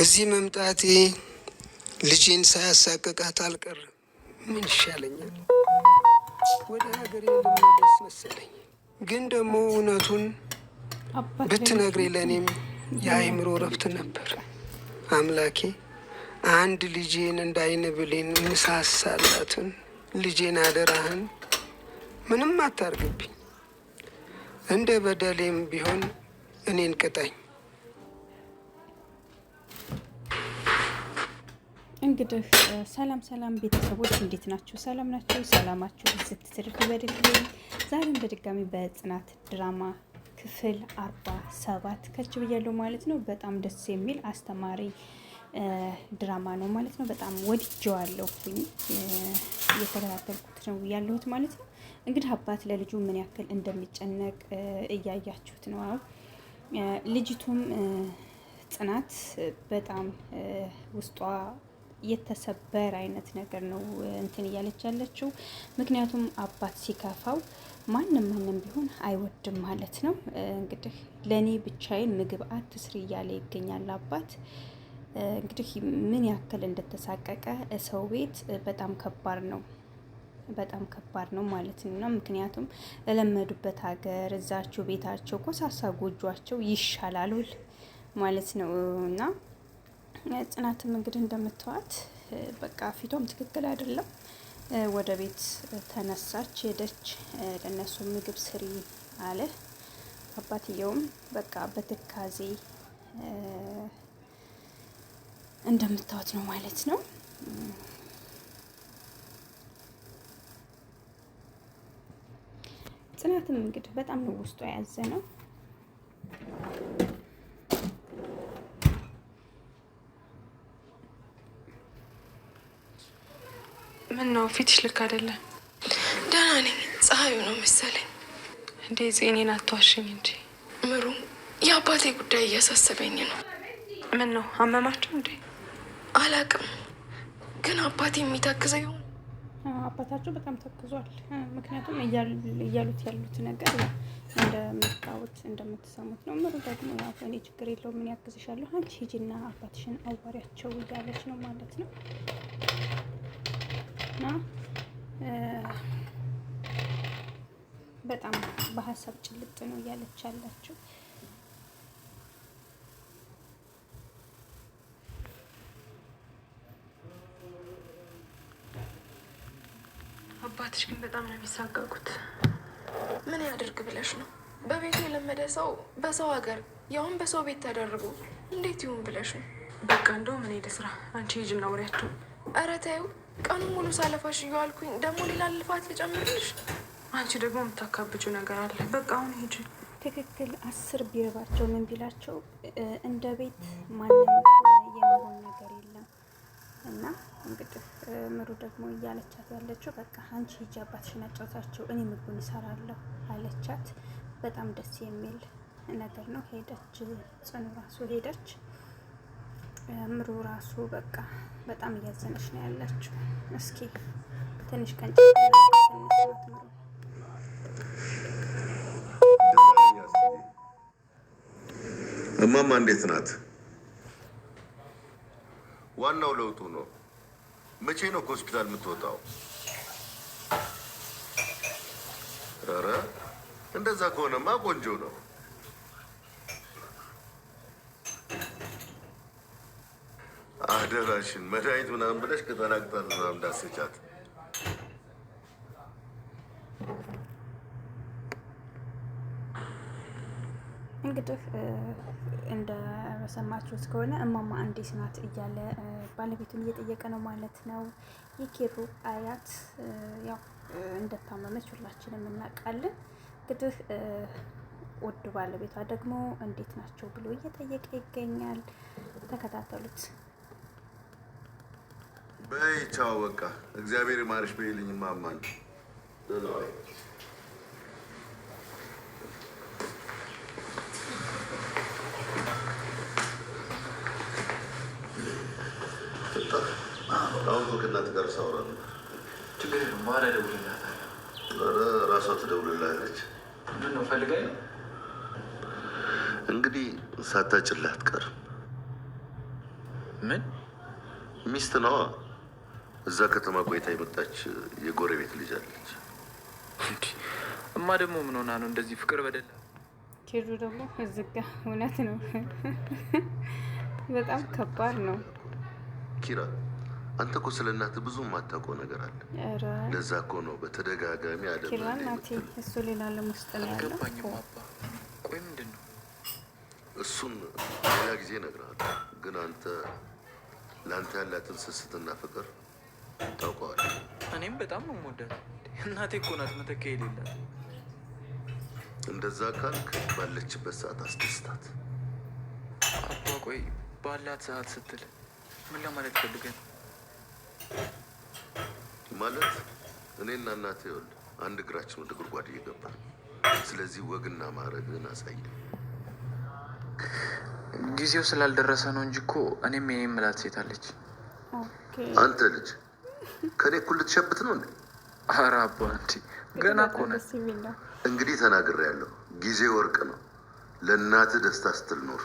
እዚህ መምጣቴ ልጄን ሳያሳቅቃት አልቀርም። ምን ይሻለኛል? ወደ ሀገሬ ልመለስ መሰለኝ። ግን ደግሞ እውነቱን ብትነግሬ ለእኔም የአእምሮ እረፍት ነበር። አምላኬ አንድ ልጄን እንዳይን ብሌን ምሳሳላትን ልጄን አደራህን ምንም አታርግብኝ፣ እንደ በደሌም ቢሆን እኔን ቅጠኝ። እንግዲህ ሰላም ሰላም ቤተሰቦች እንዴት ናችሁ? ሰላም ናችሁ? ሰላማችሁ ስትትርፍ ይበድልኝ። ዛሬም በድጋሚ በጽናት ድራማ ክፍል አርባ ሰባት ከች ብያለሁ ማለት ነው። በጣም ደስ የሚል አስተማሪ ድራማ ነው ማለት ነው። በጣም ወድጀዋለሁ። እየተከታተልኩት ነው ያለሁት ማለት ነው። እንግዲህ አባት ለልጁ ምን ያክል እንደሚጨነቅ እያያችሁት ነው። ልጅቱም ጽናት በጣም ውስጧ የተሰበር አይነት ነገር ነው እንትን እያለች ያለችው። ምክንያቱም አባት ሲከፋው ማንም ማንም ቢሆን አይወድም ማለት ነው። እንግዲህ ለእኔ ብቻዬን ምግብ አትስሪ እያለ ይገኛል አባት። እንግዲህ ምን ያክል እንደተሳቀቀ ሰው ቤት በጣም ከባድ ነው በጣም ከባድ ነው ማለት ነው። ምክንያቱም ለለመዱበት ሀገር እዛቸው ቤታቸው ኮሳሳ ጎጇቸው ይሻላሉል ማለት ነው እና ጽናትም እንግዲህ እንደምታዋት በቃ ፊቷም ትክክል አይደለም። ወደ ቤት ተነሳች ሄደች። ለእነሱ ምግብ ስሪ አለ። አባትየውም በቃ በትካዜ እንደምታወት ነው ማለት ነው። ጽናትም እንግዲህ በጣም ነው ውስጡ የያዘ ነው። ነው ፊትሽ ልክ አይደለም። ደህና ነኝ፣ ፀሐዩ ነው መሰለኝ። እንዴ እኔን አትዋሽኝ እንጂ ምሩ፣ የአባቴ ጉዳይ እያሳሰበኝ ነው። ምን ነው አመማቸው እንዴ? አላቅም፣ ግን አባቴ የሚታክዘ አባታቸው በጣም ተክዟል። ምክንያቱም እያሉት ያሉት ነገር እንደምታዩት እንደምትሰሙት ነው። ምሩ ደግሞ እኔ ችግር የለውም ምን ያግዝሻለሁ፣ አንቺ ሂጂና አባትሽን አዋሪያቸው እያለች ነው ማለት ነው። ነው። በጣም በሀሳብ ጭልጥ ነው እያለች ያላችሁ አባትሽ ግን በጣም ነው የሚሳቀቁት። ምን ያድርግ ብለሽ ነው? በቤቱ የለመደ ሰው በሰው ሀገር ያውም በሰው ቤት ተደርጎ እንዴት ይሁን ብለሽ ነው? በቃ እንደው ምን ሄደ ስራ አንቺ ሂጂና ውሪያቸው። ኧረ ተይው ቀኑ ሙሉ ሳለፋሽ እየዋልኩኝ ደግሞ ሌላ ልፋት ልጨምርልሽ። አንቺ ደግሞ የምታካብጁ ነገር አለ። በቃ አሁን ሂጂ። ትክክል። አስር ቢረባቸው ምን ቢላቸው እንደ ቤት ማንም የመሆን ነገር የለም እና እንግዲህ ምሩ ደግሞ እያለቻት ያለችው በቃ አንቺ ሂጂ አባትሽን አጫውታቸው እኔ ምግቡን እሰራለሁ አለቻት። በጣም ደስ የሚል ነገር ነው። ሄደች ጽኑ ራሱ ሄደች። ምሩ ራሱ በቃ በጣም እያዘነች ነው ያለችው። እስኪ ትንሽ ቀን እማማ እንዴት ናት? ዋናው ለውጡ ነው። መቼ ነው ከሆስፒታል የምትወጣው? ኧረ እንደዛ ከሆነማ ቆንጆ ነው። አደራሽን መድኃኒት ምናምን ብለሽ ከተናግጣል ምናምን ዳስቻት እንግዲህ እንደሰማችሁት ከሆነ እማማ እንዴት ናት እያለ ባለቤቱን እየጠየቀ ነው ማለት ነው። የኪሩ አያት ያው እንደታመመች ሁላችንም እናውቃለን። እንግዲህ ውድ ባለቤቷ ደግሞ እንዴት ናቸው ብሎ እየጠየቀ ይገኛል። ተከታተሉት። በይ ቻው፣ በቃ እግዚአብሔር ማርሽ በይልኝ። ማማን አሁን ከእናት ጋር ችግር እደውልላታለሁ። ትደውልላለች። ምንድን ነው ነው እንግዲህ ሳታጭላት ቀር ምን ሚስት ነዋ እዛ ከተማ ቆይታ የመጣች የጎረቤት ልጅ አለች። እማ ደግሞ ምን ሆና ነው እንደዚህ ፍቅር በደላ? ኪሩ ደግሞ እዝጋ እውነት ነው፣ በጣም ከባድ ነው። ኪራ አንተ እኮ ስለ እናት ብዙ የማታውቀው ነገር አለ። ለዛ እኮ ነው በተደጋጋሚ አለ። ኪራ እናቴ እሱ ሌላ ዓለም ውስጥ ነው ያለው። ቆይ ምንድን ነው እሱን ሌላ ጊዜ እነግርሃለሁ። ግን አንተ ለአንተ ያላትን ስስትና ፍቅር ታውቀዋል። እኔም በጣም ነው የምወዳት። እናቴ እኮ ናት መተካ የሌላት። እንደዛ ካልክ ባለችበት ሰዓት አስደስታት። አባ ቆይ ባላት ሰዓት ስትል ምን ለማለት ፈልገን? ማለት እኔና እናቴ ይኸውልህ አንድ እግራችን ወደ ጉድጓድ እየገባ ስለዚህ ወግና ማዕረግን አሳይ። ጊዜው ስላልደረሰ ነው እንጂ እኮ እኔም የኔ ምላት ሴት አለች። አንተ ልጅ ከኔ እኩል ልትሸብት ነው እንዴ? ኧረ አባ እንዲ ገና እኮ ነህ። እንግዲህ ተናግሬያለሁ። ጊዜ ወርቅ ነው። ለእናትህ ደስታ ስትል ኖር።